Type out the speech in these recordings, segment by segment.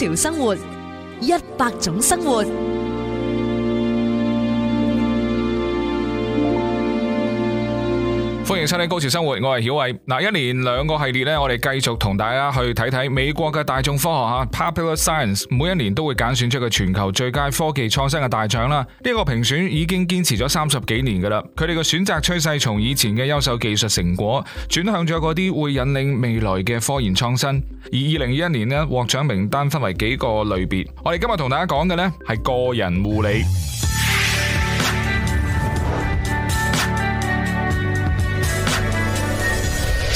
潮生活，一百種生活。歡迎收睇《高潮生活》，我係曉偉。嗱，一年兩個系列咧，我哋繼續同大家去睇睇美國嘅大眾科學吓 （Popular Science）。每一年都會揀選出個全球最佳科技創新嘅大獎啦。呢個評選已經堅持咗三十幾年噶啦。佢哋嘅選擇趨勢從以前嘅優秀技術成果，轉向咗嗰啲會引領未來嘅科研創新。而二零二一年呢，獲獎名單分為幾個類別。我哋今日同大家講嘅呢，係個人護理。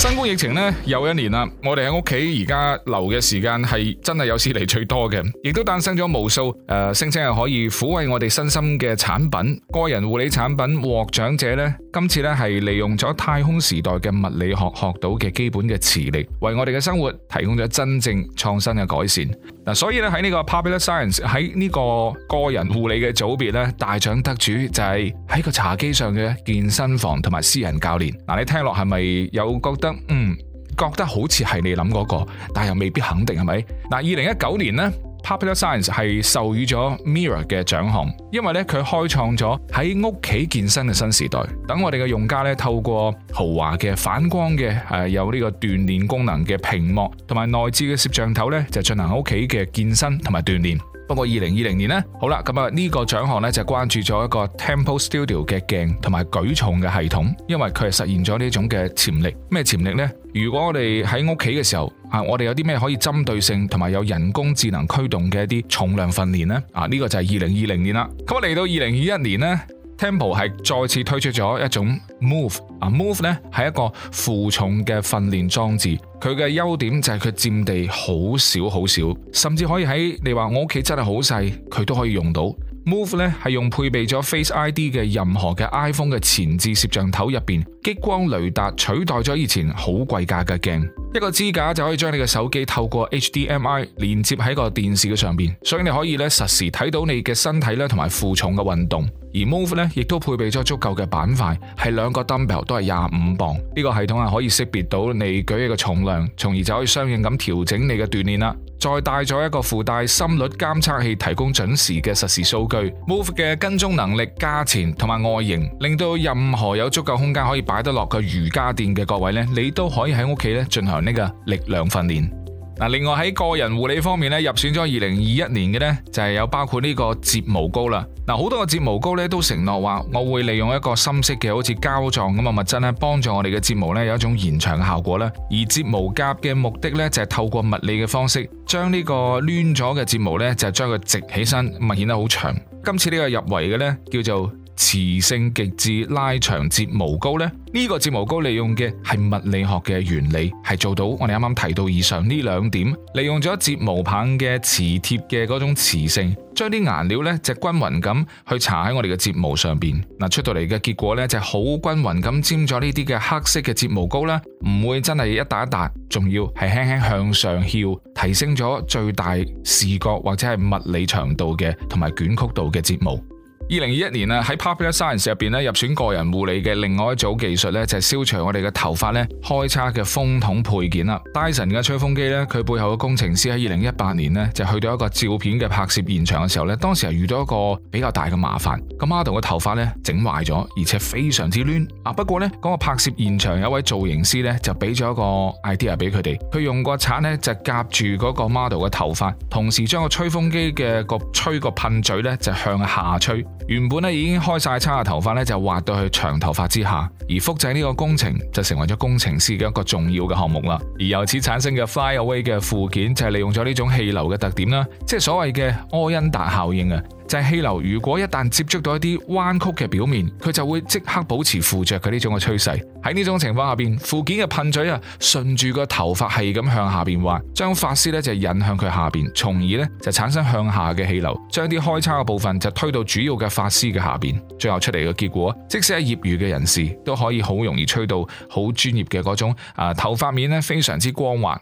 新冠疫情呢，又一年啦，我哋喺屋企而家留嘅時間係真係有史嚟最多嘅，亦都誕生咗無數誒聲稱係可以撫慰我哋身心嘅產品。個人護理產品獲獎者呢，今次呢係利用咗太空時代嘅物理學學到嘅基本嘅磁力，為我哋嘅生活提供咗真正創新嘅改善。嗱，所以咧喺呢個 popular science 喺呢個個人護理嘅組別咧，大獎得主就係喺個茶幾上嘅健身房同埋私人教練。嗱，你聽落係咪有覺得嗯？覺得好似係你諗嗰個，但又未必肯定，係咪？嗱，二零一九年呢《Popular Science》係授予咗 Mirror 嘅獎項，因為咧佢開創咗喺屋企健身嘅新時代，等我哋嘅用家咧透過豪華嘅反光嘅誒有呢個鍛煉功能嘅屏幕同埋內置嘅攝像頭咧就進行屋企嘅健身同埋鍛煉。不過二零二零年呢，好啦，咁啊呢個獎項呢，就是、關注咗一個 Tempo Studio 嘅鏡同埋舉重嘅系統，因為佢係實現咗呢種嘅潛力。咩潛力呢？如果我哋喺屋企嘅時候，啊，我哋有啲咩可以針對性同埋有人工智能驅動嘅一啲重量訓練呢？啊，呢、這個就係二零二零年啦。咁啊，嚟到二零二一年呢。Tempo 係再次推出咗一種、uh, Move 啊，Move 咧係一個負重嘅訓練裝置，佢嘅優點就係佢佔地好少好少，甚至可以喺你話我屋企真係好細，佢都可以用到。Move 咧係用配備咗 Face ID 嘅任何嘅 iPhone 嘅前置攝像頭入邊激光雷達取代咗以前好貴價嘅鏡，一個支架就可以將你嘅手機透過 HDMI 連接喺個電視嘅上邊，所以你可以咧實時睇到你嘅身體咧同埋負重嘅運動。而 Move 呢亦都配備咗足夠嘅板塊，係兩個 dumbbell 都係廿五磅。呢個系統係可以識別到你舉起嘅重量，從而就可以相應咁調整你嘅鍛煉啦。再帶咗一個附帶心率監測器，提供準時嘅實時數據。Move 嘅跟蹤能力、價錢同埋外形，令到任何有足夠空間可以擺得落嘅瑜伽墊嘅各位呢，你都可以喺屋企呢進行呢個力量訓練。另外喺個人護理方面咧，入選咗二零二一年嘅咧，就係有包括呢個睫毛膏啦。嗱，好多個睫毛膏咧都承諾話，我會利用一個深色嘅好似膠狀咁嘅物質咧，幫助我哋嘅睫毛咧有一種延長嘅效果啦。而睫毛夾嘅目的咧就係透過物理嘅方式，將呢個攣咗嘅睫毛咧就將佢直起身，咪顯得好長。今次呢個入圍嘅咧叫做。磁性極致拉長睫毛膏咧，呢、呢個睫毛膏利用嘅係物理學嘅原理，係做到我哋啱啱提到以上呢兩點，利用咗睫毛棒嘅磁貼嘅嗰種磁性，將啲顏料呢就是、均勻咁去搽喺我哋嘅睫毛上邊。嗱，出到嚟嘅結果呢，就好、是、均勻咁沾咗呢啲嘅黑色嘅睫毛膏啦，唔會真係一笪一笪，仲要係輕輕向上翹，提升咗最大視覺或者係物理長度嘅同埋捲曲度嘅睫毛。二零二一年啊，喺 Popular Science 入邊咧入選個人護理嘅另外一組技術咧，就係消除我哋嘅頭髮咧開叉嘅風筒配件啦。戴森嘅吹風機咧，佢背後嘅工程師喺二零一八年咧就去到一個照片嘅拍攝現場嘅時候咧，當時係遇到一個比較大嘅麻煩。咁、這個、model 嘅頭髮咧整壞咗，而且非常之攣。啊，不過咧，嗰、這個拍攝現場有一位造型師咧就俾咗一個 idea 俾佢哋，佢用個鏟咧就夾住嗰個 model 嘅頭髮，同時將個吹風機嘅個吹個噴嘴咧就向下吹。原本咧已經開晒叉嘅頭髮咧，就滑到去長頭髮之下，而複製呢個工程就成為咗工程師嘅一個重要嘅項目啦。而由此產生嘅 Flyaway 嘅附件就係、是、利用咗呢種氣流嘅特點啦，即係所謂嘅柯恩達效應啊。就係氣流，如果一旦接觸到一啲彎曲嘅表面，佢就會即刻保持附着嘅呢種嘅趨勢。喺呢種情況下邊，附件嘅噴嘴啊，順住個頭髮係咁向下邊滑，將髮絲呢就引向佢下邊，從而呢就產生向下嘅氣流，將啲開叉嘅部分就推到主要嘅髮絲嘅下邊。最後出嚟嘅結果，即使係業餘嘅人士都可以好容易吹到好專業嘅嗰種啊頭髮面呢，非常之光滑。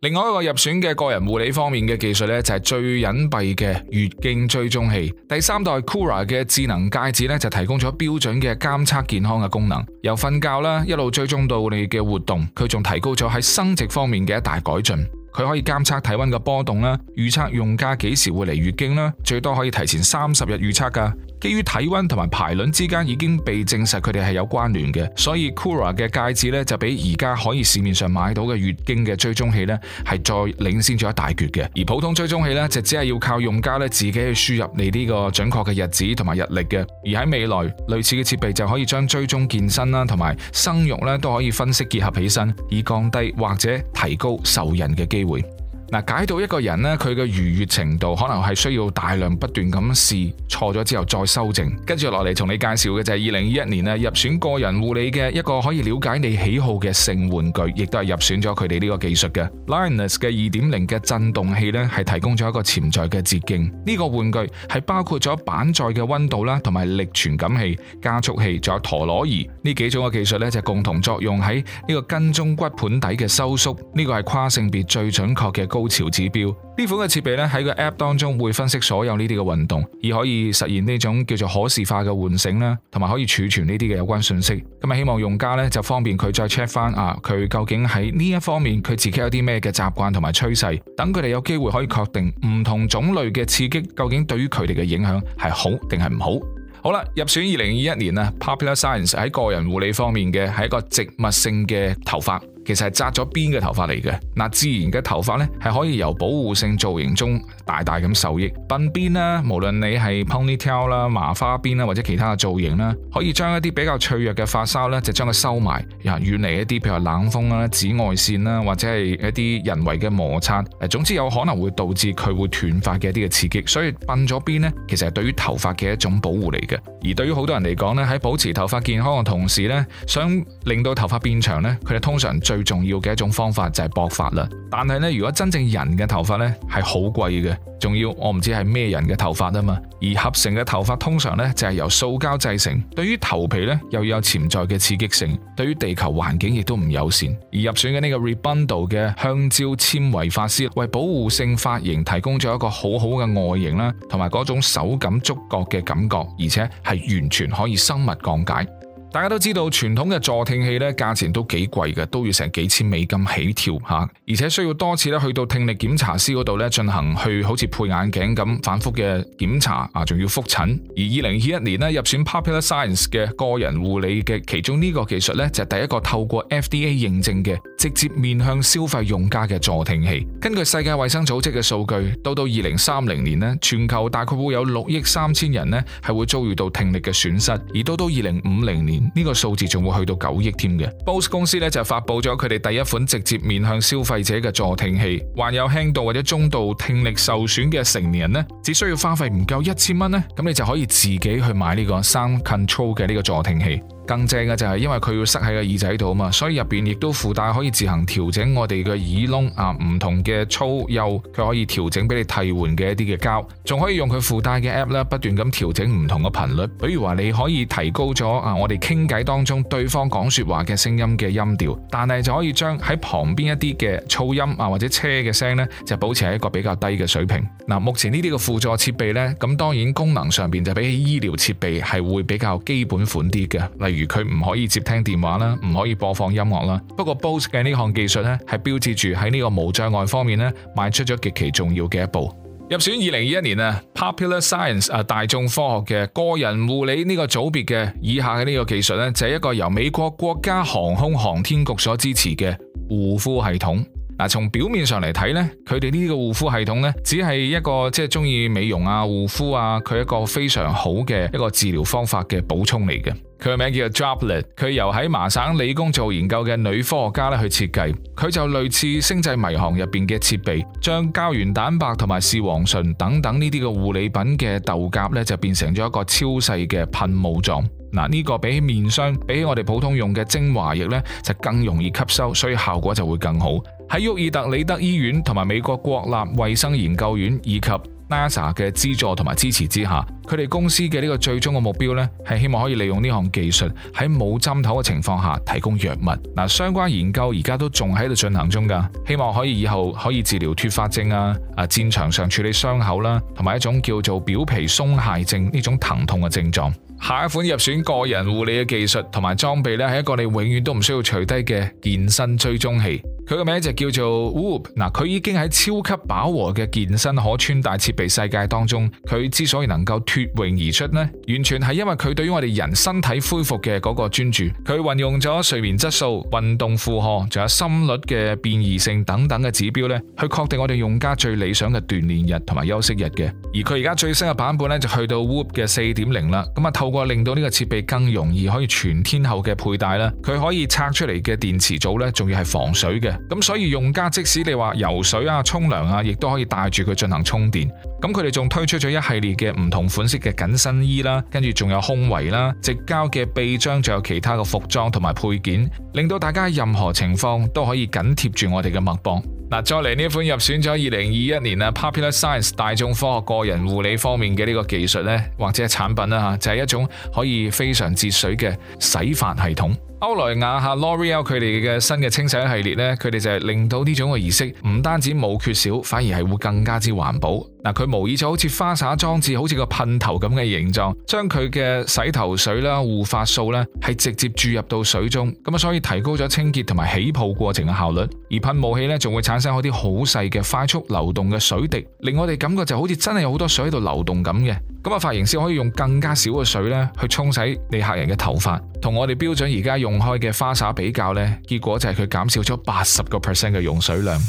另外一個入選嘅個人護理方面嘅技術咧，就係最隱蔽嘅月經追蹤器。第三代 Cura 嘅智能戒指咧，就提供咗標準嘅監測健康嘅功能，由瞓覺啦一路追蹤到你嘅活動。佢仲提高咗喺生殖方面嘅一大改進，佢可以監測體溫嘅波動啦，預測用家幾時會嚟月經啦，最多可以提前三十日預測㗎。基於體溫同埋排卵之間已經被證實佢哋係有關聯嘅，所以 Cura 嘅戒指咧就比而家可以市面上買到嘅月經嘅追蹤器咧係再領先咗一大橛嘅。而普通追蹤器咧就只係要靠用家咧自己去輸入你呢個準確嘅日子同埋日曆嘅。而喺未來，類似嘅設備就可以將追蹤健身啦同埋生育咧都可以分析結合起身，以降低或者提高受孕嘅機會。嗱，解到一個人咧，佢嘅愉悅程度可能係需要大量不斷咁試，錯咗之後再修正，跟住落嚟同你介紹嘅就係二零二一年咧入選個人護理嘅一個可以了解你喜好嘅性玩具，亦都係入選咗佢哋呢個技術嘅。Lioness 嘅二點零嘅震動器咧係提供咗一個潛在嘅捷徑，呢、這個玩具係包括咗板載嘅溫度啦，同埋力傳感器、加速器，仲有陀螺儀呢幾種嘅技術咧就是、共同作用喺呢個跟蹤骨盆底嘅收縮，呢、這個係跨性別最準確嘅。高潮指標，呢款嘅設備咧，喺個 App 當中會分析所有呢啲嘅運動，而可以實現呢種叫做可視化嘅喚醒啦，同埋可以儲存呢啲嘅有關信息。咁啊，希望用家咧就方便佢再 check 翻啊，佢究竟喺呢一方面佢自己有啲咩嘅習慣同埋趨勢，等佢哋有機會可以確定唔同種類嘅刺激究竟對於佢哋嘅影響係好定係唔好。好啦，入選二零二一年啊，Popular Science 喺個人護理方面嘅係一個植物性嘅頭髮。其實係紮咗邊嘅頭髮嚟嘅，嗱自然嘅頭髮呢，係可以由保護性造型中大大咁受益。辮邊啦，無論你係 ponytail 啦、麻花辮啦或者其他嘅造型啦，可以將一啲比較脆弱嘅髮梢呢，就將、是、佢收埋，然後遠離一啲譬如冷風啦、紫外線啦，或者係一啲人為嘅摩擦。誒，總之有可能會導致佢會斷髮嘅一啲嘅刺激。所以辮咗邊呢，其實係對於頭髮嘅一種保護嚟嘅。而對於好多人嚟講呢，喺保持頭髮健康嘅同時呢，想令到頭髮變長呢，佢哋通常最最重要嘅一種方法就係駁髮啦，但係呢，如果真正人嘅頭髮呢係好貴嘅，仲要我唔知係咩人嘅頭髮啊嘛，而合成嘅頭髮通常呢就係由塑膠製成，對於頭皮呢又有潛在嘅刺激性，對於地球環境亦都唔友善。而入選嘅呢個 Rebundle 嘅香蕉纖維髮絲，為保護性髮型提供咗一個好好嘅外形啦，同埋嗰種手感觸覺嘅感覺，而且係完全可以生物降解。大家都知道，傳統嘅助聽器呢，價錢都幾貴嘅，都要成幾千美金起跳嚇，而且需要多次呢去到聽力檢查師嗰度呢進行去好似配眼鏡咁反覆嘅檢查啊，仲要覆診。而二零二一年呢入選《Popular Science》嘅個人護理嘅其中呢個技術呢，就係第一個透過 FDA 認證嘅。直接面向消費用家嘅助聽器，根據世界衛生組織嘅數據，到到二零三零年咧，全球大概會有六億三千人咧係會遭遇到聽力嘅損失，而到到二零五零年呢個數字仲會去到九億添嘅。Bose 公司咧就發布咗佢哋第一款直接面向消費者嘅助聽器，患有輕度或者中度聽力受損嘅成年人咧，只需要花費唔夠一千蚊咧，咁你就可以自己去買呢個 Sound Control 嘅呢個助聽器。更正嘅就係因為佢要塞喺個耳仔度啊嘛，所以入邊亦都附帶可以自行調整我哋嘅耳窿啊，唔同嘅粗幼，佢可以調整俾你替換嘅一啲嘅膠，仲可以用佢附帶嘅 app 咧，不斷咁調整唔同嘅頻率。比如話你可以提高咗啊，我哋傾偈當中對方講説話嘅聲音嘅音調，但係就可以將喺旁邊一啲嘅噪音啊或者車嘅聲呢，就保持喺一個比較低嘅水平。嗱、啊，目前呢啲嘅輔助設備呢，咁當然功能上邊就比起醫療設備係會比較基本款啲嘅，例如，如佢唔可以接聽電話啦，唔可以播放音樂啦。不過 Bose 嘅呢項技術呢，係標誌住喺呢個無障礙方面呢，邁出咗極其重要嘅一步。入選二零二一年啊 Popular Science 啊大眾科學嘅個人護理呢個組別嘅以下嘅呢個技術呢，就係一個由美國國家航空航天局所支持嘅護膚系統。嗱，從表面上嚟睇呢，佢哋呢個護膚系統呢，只係一個即係中意美容啊、護膚啊，佢一個非常好嘅一個治療方法嘅補充嚟嘅。佢嘅名叫做 Droplet，佢由喺麻省理工做研究嘅女科學家咧去設計，佢就類似星際迷航入邊嘅設備，將膠原蛋白同埋視黃醇等等呢啲嘅護理品嘅豆莢咧就變成咗一個超細嘅噴霧狀。嗱、這、呢個比起面霜，比起我哋普通用嘅精華液咧就更容易吸收，所以效果就會更好。喺沃爾特里德醫院同埋美國國立衛生研究院以及 NASA 嘅資助同埋支持之下。佢哋公司嘅呢個最終嘅目標呢，係希望可以利用呢項技術喺冇針頭嘅情況下提供藥物。嗱、啊，相關研究而家都仲喺度進行中㗎，希望可以以後可以治療脫髮症啊、啊戰場上處理傷口啦、啊，同埋一種叫做表皮鬆懈症呢種疼痛嘅症狀。下一款入選個人護理嘅技術同埋裝備咧，係一個你永遠都唔需要除低嘅健身追蹤器，佢個名就叫做 Whoop。嗱，佢已經喺超級飽和嘅健身可穿戴設備世界當中，佢之所以能夠脫穎而出呢，完全係因為佢對於我哋人身體恢復嘅嗰個專注。佢運用咗睡眠質素、運動負荷，仲有心率嘅變異性等等嘅指標咧，去確定我哋用家最理想嘅鍛煉日同埋休息日嘅。而佢而家最新嘅版本咧，就去到 Whoop 嘅四點零啦。咁啊，透。令到呢個設備更容易可以全天候嘅佩戴啦，佢可以拆出嚟嘅電池組咧，仲要係防水嘅，咁所以用家即使你話游水啊、沖涼啊，亦都可以帶住佢進行充電。咁佢哋仲推出咗一系列嘅唔同款式嘅緊身衣啦，跟住仲有胸圍啦、直膠嘅臂章，仲有其他嘅服裝同埋配件，令到大家任何情況都可以緊貼住我哋嘅脈搏。嗱，再嚟呢款入選咗二零二一年啊《Popular Science》大眾科學個人護理方面嘅呢個技術咧，或者係產品啦就係一種可以非常節水嘅洗髮系統。歐萊雅吓 L'Oreal 佢哋嘅新嘅清洗系列呢，佢哋就係令到呢種嘅儀式唔單止冇缺少，反而係會更加之環保。嗱，佢模擬咗好似花灑裝置，好似個噴頭咁嘅形狀，將佢嘅洗頭水啦、護髮素啦，係直接注入到水中。咁啊，所以提高咗清潔同埋起泡過程嘅效率。而噴霧器呢，仲會產生嗰啲好細嘅快速流動嘅水滴，令我哋感覺就好似真係有好多水喺度流動咁嘅。咁啊，髮型師可以用更加少嘅水咧去沖洗你客人嘅頭髮，同我哋標準而家用。用開嘅花灑比較呢，結果就係佢減少咗八十個 percent 嘅用水量。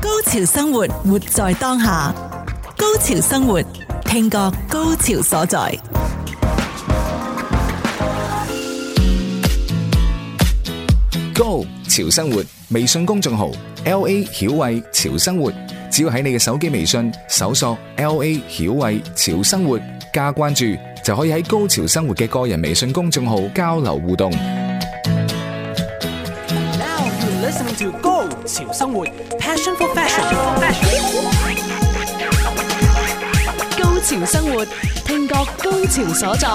高潮生活，活在當下。高潮生活，聽覺高潮所在。Go！潮生活微信公眾號，L A 曉慧潮生活，只要喺你嘅手機微信搜索 L A 曉慧潮生活，加關注。就可以喺高潮生活嘅個人微信公眾號交流互動。Now you listen to 高潮生活，Passion for fashion。高潮生活，聽覺高潮所在。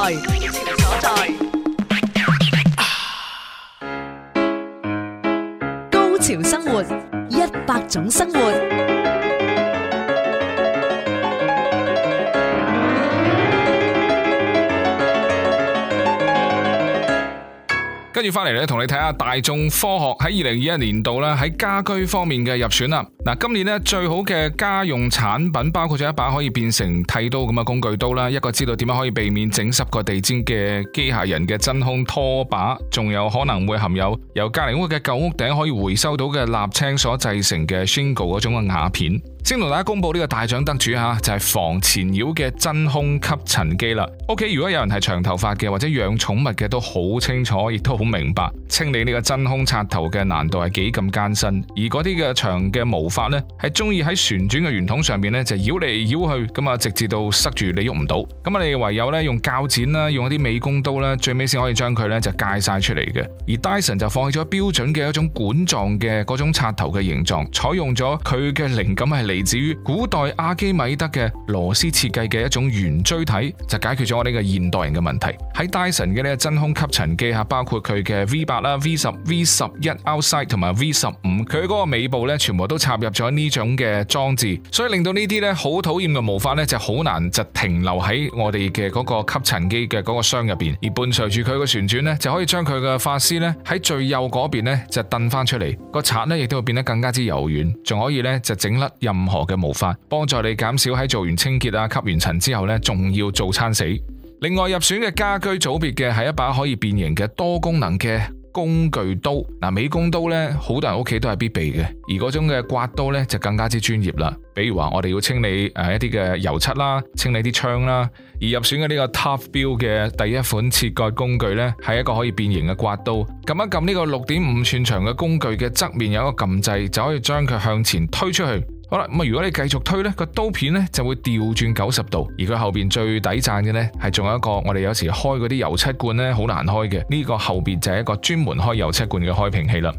高潮所在。高潮生活，一百種生活。跟住翻嚟咧，同你睇下大眾科學喺二零二一年度咧，喺家居方面嘅入選啦。嗱，今年呢，最好嘅家用產品包括咗一把可以變成剃刀咁嘅工具刀啦，一個知道點樣可以避免整濕個地氈嘅機械人嘅真空拖把，仲有可能會含有由隔籬屋嘅舊屋頂可以回收到嘅瀝青所製成嘅 shingle 嗰種嘅瓦片。先同大家公布呢個大獎得主吓，就係、是、防纏繞嘅真空吸塵機啦。OK，如果有人係長頭髮嘅或者養寵物嘅，都好清楚，亦都好明白清理呢個真空刷頭嘅難度係幾咁艱辛。而嗰啲嘅長嘅毛髮呢，係中意喺旋轉嘅圓筒上面呢，就繞嚟繞去，咁啊直至到塞住你喐唔到，咁我哋唯有呢，用鉸剪啦，用一啲美工刀啦，最尾先可以將佢呢，就介晒出嚟嘅。而 Dyson 就放棄咗標準嘅一種管狀嘅嗰種刷頭嘅形狀，採用咗佢嘅靈感係嚟。嚟自於古代阿基米德嘅螺絲設計嘅一種圓錐體，就解決咗我呢個現代人嘅問題。喺戴森嘅呢個真空吸塵機啊，包括佢嘅 V 八啦、V 十、V 十一 Outside 同埋 V 十五，佢嗰個尾部咧，全部都插入咗呢種嘅裝置，所以令到呢啲咧好討厭嘅毛髮咧，就好難就停留喺我哋嘅嗰個吸塵機嘅嗰個箱入邊，而伴隨住佢嘅旋轉咧，就可以將佢嘅發絲咧喺最右嗰邊咧就掟翻出嚟，個刷咧亦都會變得更加之柔軟，仲可以咧就整甩任。任何嘅魔法幫助你減少喺做完清潔啊、吸完塵之後咧，仲要做餐死。另外入選嘅家居組別嘅係一把可以變形嘅多功能嘅工具刀。嗱，美工刀呢，好多人屋企都係必備嘅。而嗰種嘅刮刀呢，就更加之專業啦。比如話，我哋要清理誒一啲嘅油漆啦，清理啲窗啦。而入選嘅呢個 Tough Build 嘅第一款切割工具呢，係一個可以變形嘅刮刀。撳一撳呢個六點五吋長嘅工具嘅側面有一個撳掣，就可以將佢向前推出去。好啦，咁啊，如果你繼續推呢個刀片咧，就會調轉九十度，而佢後邊最抵讚嘅呢，係仲有一個，我哋有時開嗰啲油漆罐呢，好難開嘅，呢、呢個後邊就係一個專門開油漆罐嘅開瓶器啦。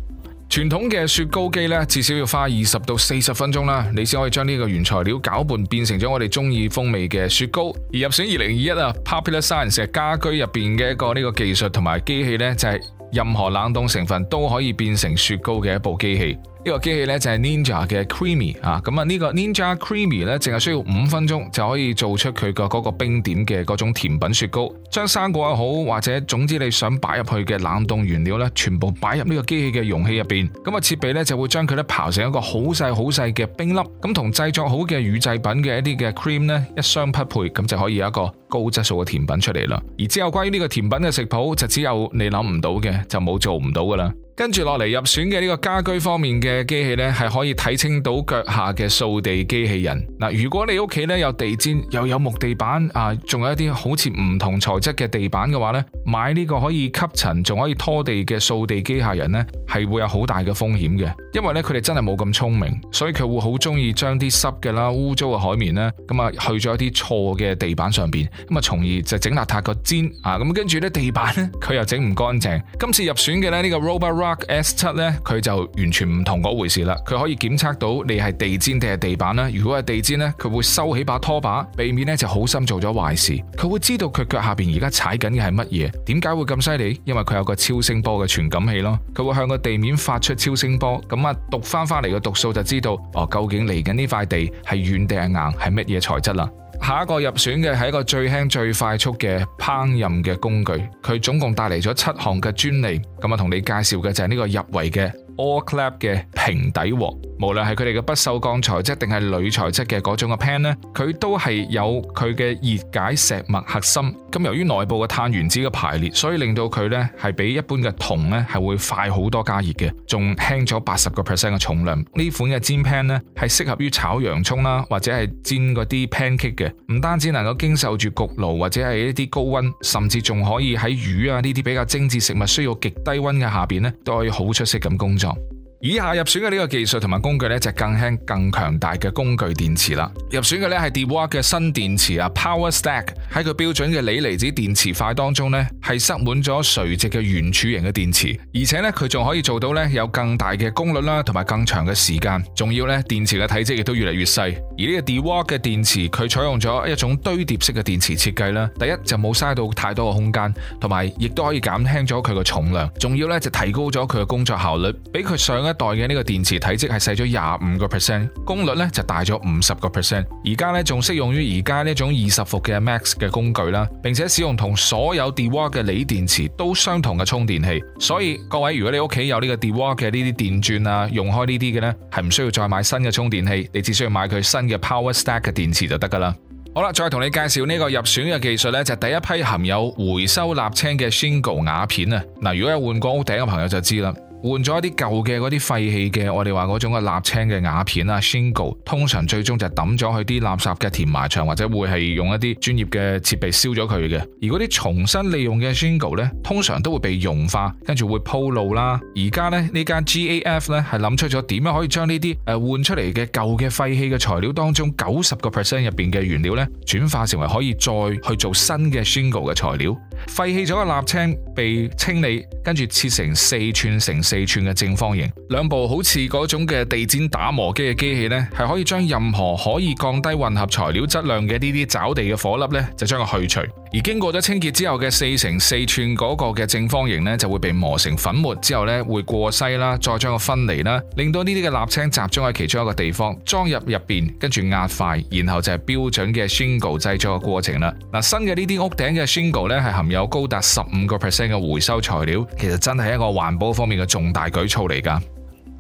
傳統嘅雪糕機呢，至少要花二十到四十分鐘啦，你先可以將呢個原材料攪拌變成咗我哋中意風味嘅雪糕。而入選二零二一啊 Popular Science 家居入邊嘅一個呢個技術同埋機器呢，就係、係、任何冷凍成分都可以變成雪糕嘅一部機器。呢個機器咧就係 Ninja 嘅 Creamy 啊，咁啊呢個 Ninja Creamy 咧，淨係需要五分鐘就可以做出佢個嗰個冰點嘅嗰種甜品雪糕。將生果又好，或者總之你想擺入去嘅冷凍原料咧，全部擺入呢個機器嘅容器入邊，咁啊設備咧就會將佢咧刨成一個好細好細嘅冰粒，咁同製作好嘅乳製品嘅一啲嘅 cream 咧一相匹配，咁就可以有一個高質素嘅甜品出嚟啦。而之後關於呢個甜品嘅食譜，就只有你諗唔到嘅，就冇做唔到噶啦。跟住落嚟入選嘅呢個家居方面嘅機器呢，係可以睇清到腳下嘅掃地機器人。嗱，如果你屋企呢有地氈又有木地板啊，仲有一啲好似唔同材質嘅地板嘅話呢，買呢個可以吸塵仲可以拖地嘅掃地機械人呢，係會有好大嘅風險嘅，因為呢，佢哋真係冇咁聰明，所以佢會好中意將啲濕嘅啦、污糟嘅海綿呢，咁啊去咗一啲錯嘅地板上邊，咁啊從而就整邋遢個氈啊，咁跟住呢地板呢，佢又整唔乾淨。今次入選嘅咧呢個 Robot。S7 咧，佢就完全唔同嗰回事啦。佢可以檢測到你係地氈定係地板啦。如果係地氈咧，佢會收起把拖把，避免咧就好心做咗壞事。佢會知道佢腳下邊而家踩緊嘅係乜嘢？點解會咁犀利？因為佢有個超聲波嘅傳感器咯。佢會向個地面發出超聲波，咁啊讀翻翻嚟嘅讀數就知道哦，究竟嚟緊呢塊地係軟定係硬，係乜嘢材質啦？下一個入選嘅係一個最輕最快速嘅烹飪嘅工具，佢總共帶嚟咗七項嘅專利，咁啊同你介紹嘅就係呢個入圍嘅 All Clap 嘅平底鍋。無論係佢哋嘅不銹鋼材質定係鋁材質嘅嗰種嘅 pan 呢，佢都係有佢嘅熱解石墨核心。咁由於內部嘅碳原子嘅排列，所以令到佢呢係比一般嘅銅呢係會快好多加熱嘅，仲輕咗八十個 percent 嘅重量。呢款嘅煎 pan 呢係適合於炒洋蔥啦，或者係煎嗰啲 pancake 嘅。唔單止能夠經受住焗爐或者係一啲高溫，甚至仲可以喺魚啊呢啲比較精緻食物需要極低溫嘅下邊呢，都可以好出色咁工作。以下入選嘅呢個技術同埋工具呢，就更輕更強大嘅工具電池啦。入選嘅呢係 DeWalt 嘅新電池啊，Power Stack。喺佢標準嘅鋰離子電池塊當中呢係塞滿咗垂直嘅圓柱形嘅電池，而且呢，佢仲可以做到呢有更大嘅功率啦，同埋更長嘅時間。仲要呢電池嘅體積亦都越嚟越細。而呢個 DeWalt 嘅電池，佢採用咗一種堆疊式嘅電池設計啦。第一就冇嘥到太多嘅空間，同埋亦都可以減輕咗佢嘅重量。仲要呢就提高咗佢嘅工作效率，比佢上一代嘅呢個電池體積係細咗廿五個 percent，功率呢就大咗五十個 percent。而家呢仲適用於而家呢種二十伏嘅 Max。嘅工具啦，並且使用同所有 Dewalt 嘅鋰電池都相同嘅充電器，所以各位如果你屋企有呢個 Dewalt 嘅呢啲電鑽啊，用開呢啲嘅呢，係唔需要再買新嘅充電器，你只需要買佢新嘅 Power Stack 嘅電池就得噶啦。好啦，再同你介紹呢個入選嘅技術呢，就係、第一批含有回收瀝青嘅 Shingle 瓦片啊。嗱，如果有換過屋頂嘅朋友就知啦。換咗一啲舊嘅嗰啲廢棄嘅，我哋話嗰種嘅瀝青嘅瓦片啊，shingle，通常最終就抌咗去啲垃圾嘅填埋場，或者會係用一啲專業嘅設備燒咗佢嘅。而嗰啲重新利用嘅 shingle 咧，通常都會被融化，跟住會鋪路啦。而家咧，呢間 GAF 咧係諗出咗點樣可以將呢啲誒換出嚟嘅舊嘅廢棄嘅材料當中，九十個 percent 入邊嘅原料咧，轉化成為可以再去做新嘅 shingle 嘅材料。廢棄咗嘅瀝青被清理，跟住切成四寸乘四寸嘅正方形。兩部好似嗰種嘅地氈打磨機嘅機器呢，係可以將任何可以降低混合材料質量嘅呢啲找地嘅火粒呢，就將佢去除。而經過咗清潔之後嘅四成四乘寸嗰個嘅正方形呢，就會被磨成粉末，之後呢，會過篩啦，再將個分離啦，令到呢啲嘅瀝青集中喺其中一個地方，裝入入面，跟住壓塊，然後就係標準嘅 shingle 製造嘅過程啦。嗱，新嘅呢啲屋頂嘅 shingle 呢，係含有高達十五個 percent 嘅回收材料，其實真係一個環保方面嘅重大舉措嚟㗎。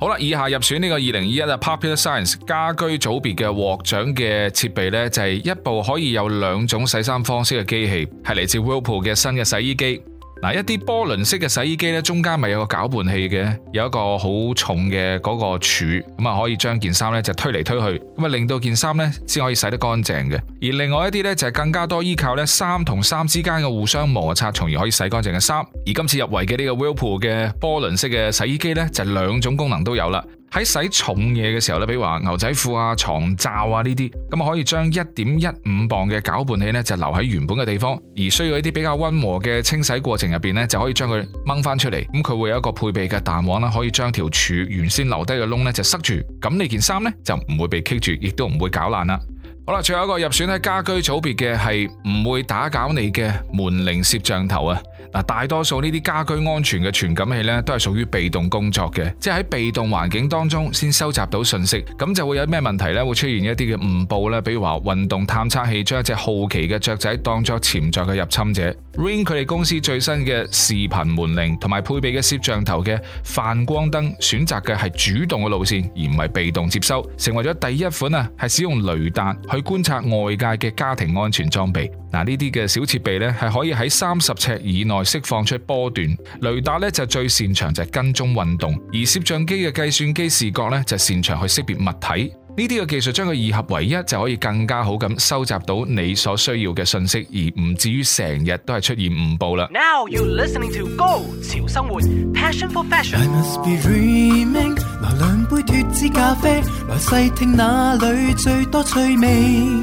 好啦，以下入選呢個二零二一嘅 Popular Science 家居組別嘅獲獎嘅設備咧，就係、是、一部可以有兩種洗衫方式嘅機器，係嚟自 Whirlpool 嘅新嘅洗衣機。嗱，一啲波輪式嘅洗衣機咧，中間咪有個攪拌器嘅，有一個好重嘅嗰個柱，咁啊可以將件衫咧就推嚟推去，咁啊令到件衫咧先可以洗得乾淨嘅。而另外一啲咧就係更加多依靠咧衫同衫之間嘅互相摩擦，從而可以洗乾淨嘅衫。而今次入圍嘅呢個 Whirlpool 嘅波輪式嘅洗衣機咧，就兩種功能都有啦。喺洗重嘢嘅時候咧，比如話牛仔褲啊、床罩啊呢啲，咁啊可以將一點一五磅嘅攪拌器咧就留喺原本嘅地方，而需要一啲比較溫和嘅清洗過程入邊咧，就可以將佢掹翻出嚟。咁佢會有一個配備嘅彈簧啦，可以將條柱原先留低嘅窿咧就塞住，咁呢件衫咧就唔會被棘住，亦都唔會搞爛啦。好啦，最後一個入選喺家居組別嘅係唔會打攪你嘅門鈴攝像頭啊。嗱，大多數呢啲家居安全嘅傳感器呢，都係屬於被動工作嘅，即係喺被動環境當中先收集到信息，咁就會有咩問題呢？會出現一啲嘅誤報呢，比如話運動探測器將一隻好奇嘅雀仔當作潛在嘅入侵者。Ring 佢哋公司最新嘅視頻門鈴同埋配備嘅攝像頭嘅泛光燈，選擇嘅係主動嘅路線，而唔係被動接收，成為咗第一款啊，係使用雷達去觀察外界嘅家庭安全裝備。嗱，呢啲嘅小設備呢，係可以喺三十尺以內，來釋放出波段，雷達咧就最擅長就係跟蹤運動，而攝像機嘅計算機視覺咧就擅長去識別物體。呢啲嘅技術將佢二合為一，就可以更加好咁收集到你所需要嘅信息，而唔至於成日都係出現誤報啦。Now you're listening to Go 潮生活 Passion for Fashion。I must be dreaming。來兩杯脫脂咖啡，來細聽哪裏最多趣味，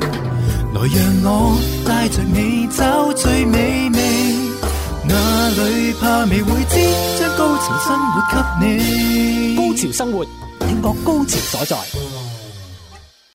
來讓我帶着你走最美味。哪裡怕未會知，將高，高潮生活，給你高潮生活，聽覺高潮所在。